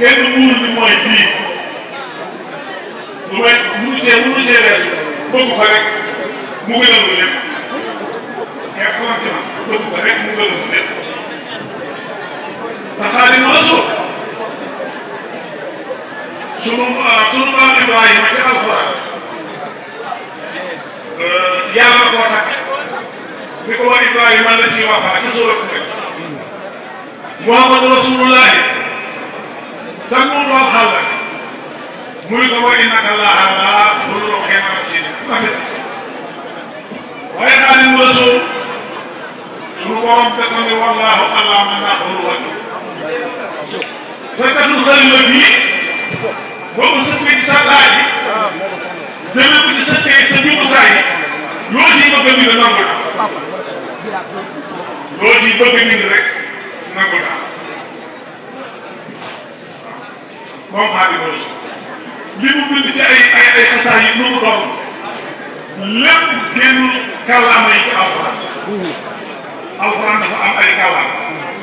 kenn muur bi mooy fii lu may munu cee munu cee rees bëgg ko rek mu gënal lu lépp yaa ko ci man bëgg ko rek mu gënal lu lépp te Xaadimu Rasuul sunu sunu maam Ibrahima ci alxuraan euh, yàlla koo takk bi ko war Ibrahima la si waafaa ci suurat Muhammadu Rasulullahi تنوض خلق ملك وإنك الله على كل خير رشيد وإن علم الرسول سنو ربكم والله أعلم من أخذ سكت الخليل بي boobu sëñ bi di sa laaj yi demee ko ci sa tey sa jumtukaay yi loo ciy bëgg ni nga nangu naa loo ciy bëgg ni rek nangu naa moom Xaadimu Rasuul li mu bind ci ay ay ay xasaay yi nu mu doon lépp génn kàllaama ci alxuraan alxuraan dafa am ay kàllaama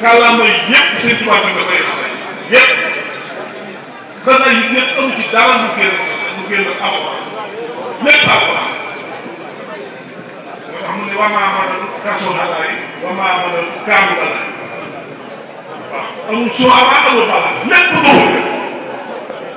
kàllaama yi seen tubaab bi nga koy xasaay yëpp xasaay alxuraan lépp alxuraan moo tax mu ne wa maa amadal rasulallaahi wa maa amadal kaamu waaw amul suwaaraa amul balaa lépp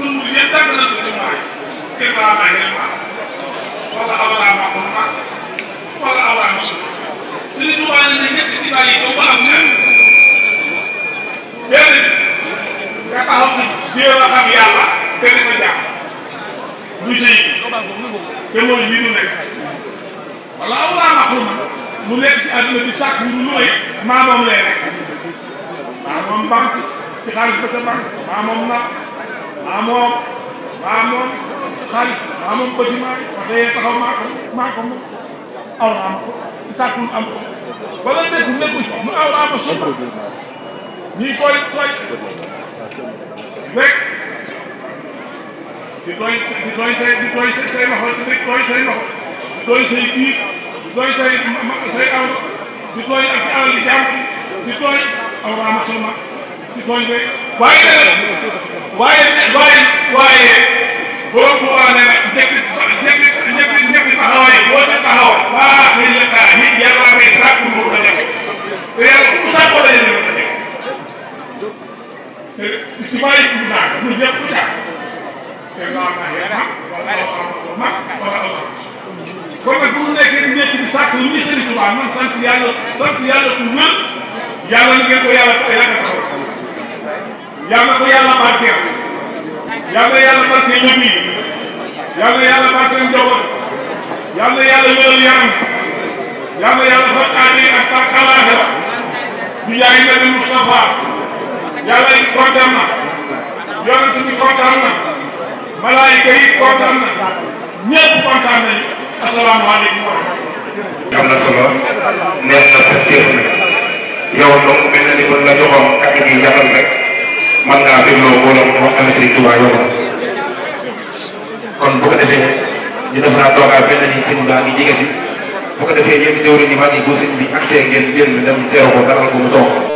kuréel gu yéen dàgg nañ ko ci mooy kii balaa may yéen maa wala awalaa maa ko maa wala awalaa ma suuf te li ñu wane ne ñetti xibaar yi doo ko am ñaar benn bi nga taxaw ni jéem a xam yàlla te di ko jàpp lu ci te loolu yi du nekk wala awalaa maa ko maa mu nekk ci àdduna bi sàkk wu ñu looy maa moom lay rek maa moom banque ci xaalis ba ca banque maa moom naa. maa moom maa moom xaalis maa moom bâtiment yi wax dëgg taxaw maa ko maa ko awra am ko sàkkul am ko wala nekk nekku ci awra am suba ñuy koy tooy di tooy di tooy say di tooy say loxo di tooy say loxo di tooy say biir di tooy say say di tooy ak alal yi jàmm di tooy awra am suba di tooy rek waaye waaye waaye waaye boo ko waxee nag njëkk njëkk njëkk njëkk taxawaay boo ca taxaw waa ah, xëy na xaar nit yàlla may sàkku moo ko def te yàlla ku sàkkoo la yàlla ko def te ci bàyyi ku naa ko ñun ñëpp ku caa te laa ma yàlla wala am ko mag wala am kon nag bu mu nekkee nekk di sàkk ñu ngi sëriñ Tuubaa man sant yàlla sant yàlla ku wér yàlla na ngeen ko yàlla ko yàlla yal na ko yàlla barkeel yal na yàlla barkeel ñoom yi yal na yàlla barkeel njaboot yal na yàlla wéral yaram yal na yàlla faj aajo yi ak pàcc àllaaxira bu yaay nabi Mustafa yàlla yi kontaan na yonent bi kontaan na malaayika yi kontaan na ñëpp kontaan nañu asalaamaaleykum wa rahmatulah. am na solo neex na parce que yow donc mel na ni kon nga joxoon kàddu gi yàqal rek. mën naa dégloo mbooloo mu waxtaanee Serigne Touba yomb kon bu defee ñu def naa toogaat benn ni sëñ baa ngi jege si bu ko defee yéen jëwriñ yi mag yi bu sëñ bi accès ngeen jël dem teeru ko dalal ko mu toog.